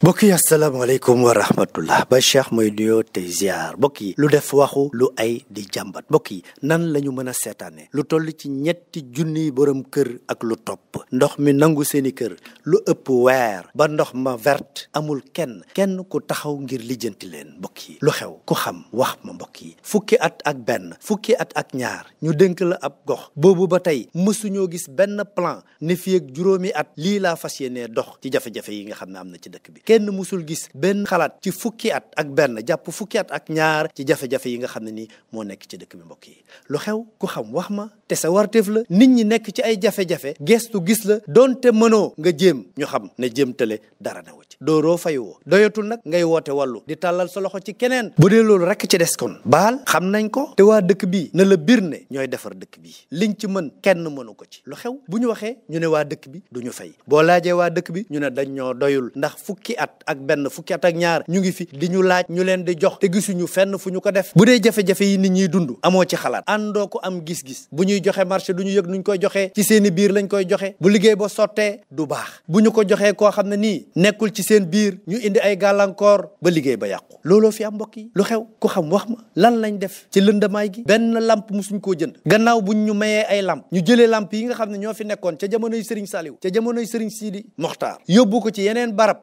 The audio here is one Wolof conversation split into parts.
mbokk yi asalaamaaleykum wa rahmatullah ba cheikh mooy nuyoo tey ziar mbokk yi lu def waxu lu ay di jàmbat mbokk yi nan lañu ñu mën a seetaane lu toll ci ñetti junniy borom kër ak lu topp ndox mi nangu seeni kër lu ëpp weer ba ndox ma verte amul kenn kenn ku taxaw ngir lijjanti leen mbokk yi lu xew ku xam wax ma mbokk yi fukki at ak benn fukki at ak ñaar ñu dënk la ab gox boobu ba tey mësuñoo gis benn plan ne fi ak juróomi at lii laa fas yéenee dox ci jafe-jafe yi nga xam ne am na ci dëkk bi kenn musul gis benn xalaat ci fukki at ak benn jàpp fukki at ak ñaar ci jafe-jafe yi nga xam ne nii moo nekk ci dëkk bi mbokk yi lu xew ku xam wax ma te sa warteef la nit ñi nekk ci ay jafe-jafe gestu gis la donte mënoo nga jéem ñu xam ne jéem tële dara na ci dooroo fay woo doyatul nag ngay woote wàllu di tàllal sa loxo ci keneen bu dee loolu rek ci des kon baal xam nañ ko te waa dëkk bi na la biir ne ñooy defar dëkk bi liñ ci mën kenn mënu ko ci lu xew bu ñu waxee ñu ne waa dëkk bi du ñu fay boo laajee waa dëkk bi ñu ne dañ ñoo doyul ndax fukki at ak benn fukki at ak ñaar ñu ngi fi di ñu laaj ñu leen di jox te gisuñu fenn fu ñu ko def bu dee jafe-jafe yi nit ñiy dund amoo ci xalaat àndoo ko am gis-gis bu ñuy joxe marché du ñu nu ñu koy joxee ci seeni biir lañ koy joxe bu liggéey ba sottee du baax bu ñu ko joxee koo xam ne nii nekkul ci seen biir ñu indi ay gàllankoor ba liggéey ba yàqu looloo fi am mbokk yi lu ku xam wax ma lan lañ def ci lëndamaay gi benn lamp mu suñ koo jënd gannaaw buñ ñu mayee ay lamp ñu jëlee lamp yi nga xam ne ñoo fi nekkoon ca jamonoy sëriñ Saliou ca jamonoy Serigne Sidi Mokhtar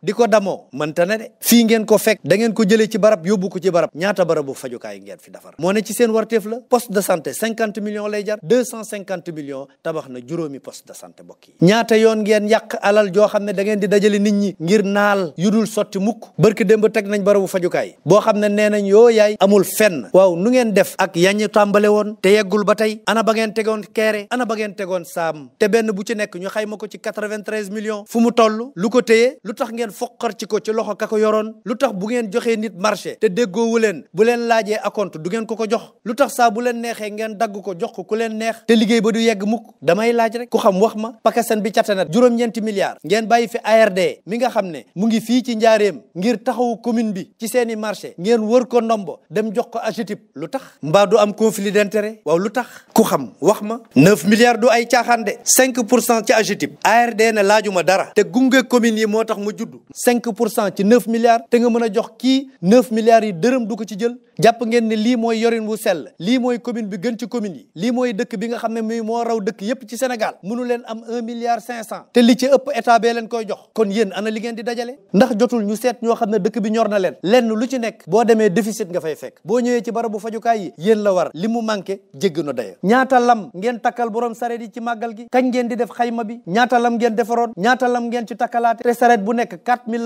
di ko ndamoo mënta de fii ngeen ko fekk da ngeen ko jëlee ci barab yóbbu ko ci barab ñaata barabu fajukaay ngeen fi defar moo ne ci seen warteef la poste de santé cinquante millions lay tabax na juróomi poste de santé mbokk ñaata yoon ngeen yàq alal joo ne da di dajale nit ngir naal yudul sotti mukk barki démb teg nañ barabu fajukaay boo xam ne nee nañ yoo yaay amul fenn waaw nu ngeen def ak yañu tàmbale woon te yeggul ba tey ana ba ngeen tegoon keere ana ba ngeen te benn bu ci nekk ñu xayma ko ci quatre-vingt-treize millions fu mu toll lu ko téye lu tax ngeen xarci ko ci loxo ka ko yoroon lu tax bu ngeen joxee nit marché te déggoowu leen bu leen laajee acompte du ngeen ko ko jox lu tax saa bu leen neexee ngeen dagg ko jox ko ku leen neex te liggéey ba du yegg mukk damay laaj rek ku xam wax ma pakasen bi catana juróom-ñeenti milliards ngeen bàyyi fi ARD mi nga xam ne mu ngi fii ci njaareem ngir taxawu commune bi ci seeni marché ngeen wër ko ndombo dem jox ko AGETIP lu tax mbaa du am conflit d'intérêt waaw lu tax ku xam wax ma 9 milliards du ay caaxaan de 5 pour cent ci AGETIP ARD ne laajuma dara te gunge commune yi moo tax mu judd cinq pour ci neuf milliards te nga mën a jox kii neuf milliards yi dërëm du ci jël jàpp ngeen ne lii mooy yorin wu sell lii mooy commune bi gën ci commune yi lii mooy dëkk bi nga xam ne muy moo raw dëkk yépp ci Sénégal mënu leen am un milliard cinq cent te li ci ëpp état bee leen koy jox kon yéen ana li di dajale ndax jotul ñu seet ñoo xam ne dëkk bi ñor na leen lu ci nekk boo demee déficit nga fay fekk boo ñëwee ci barabu fajukaay yi yéen la war li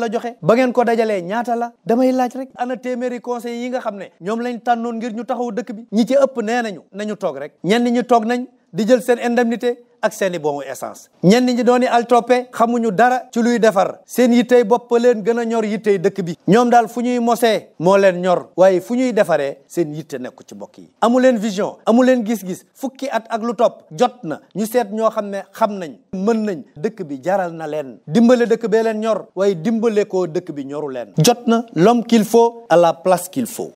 la joxe ba ngeen ko dajalee ñaata la damay laaj rek ana téeméeri conseil yi nga xam ne ñoom lañ tànnoon ngir ñu taxaw dëkk bi ñi ci ëpp nee nañu nañu toog rek ñenn ñu toog nañ di jël seen indemnité ak seen i bonu essence ñenn ñi dooni altoppe xamuñu dara ci luy defar seen yittey bopp leen gën a ñor yittey dëkk bi ñoom daal fu ñuy mose moo leen ñor waaye fu ñuy defaree seen yitte nekku ci mbokk yi amu vision amu leen gis-gis fukki at ak lu topp jot na ñu seet ñoo xam ne xam nañ mën nañ dëkk bi jaral na leen dimbale dëkk bee leen ñor waaye dimbale ko dëkk bi ñoru leen jot na l'homme qu'il faut à la place qu'il faut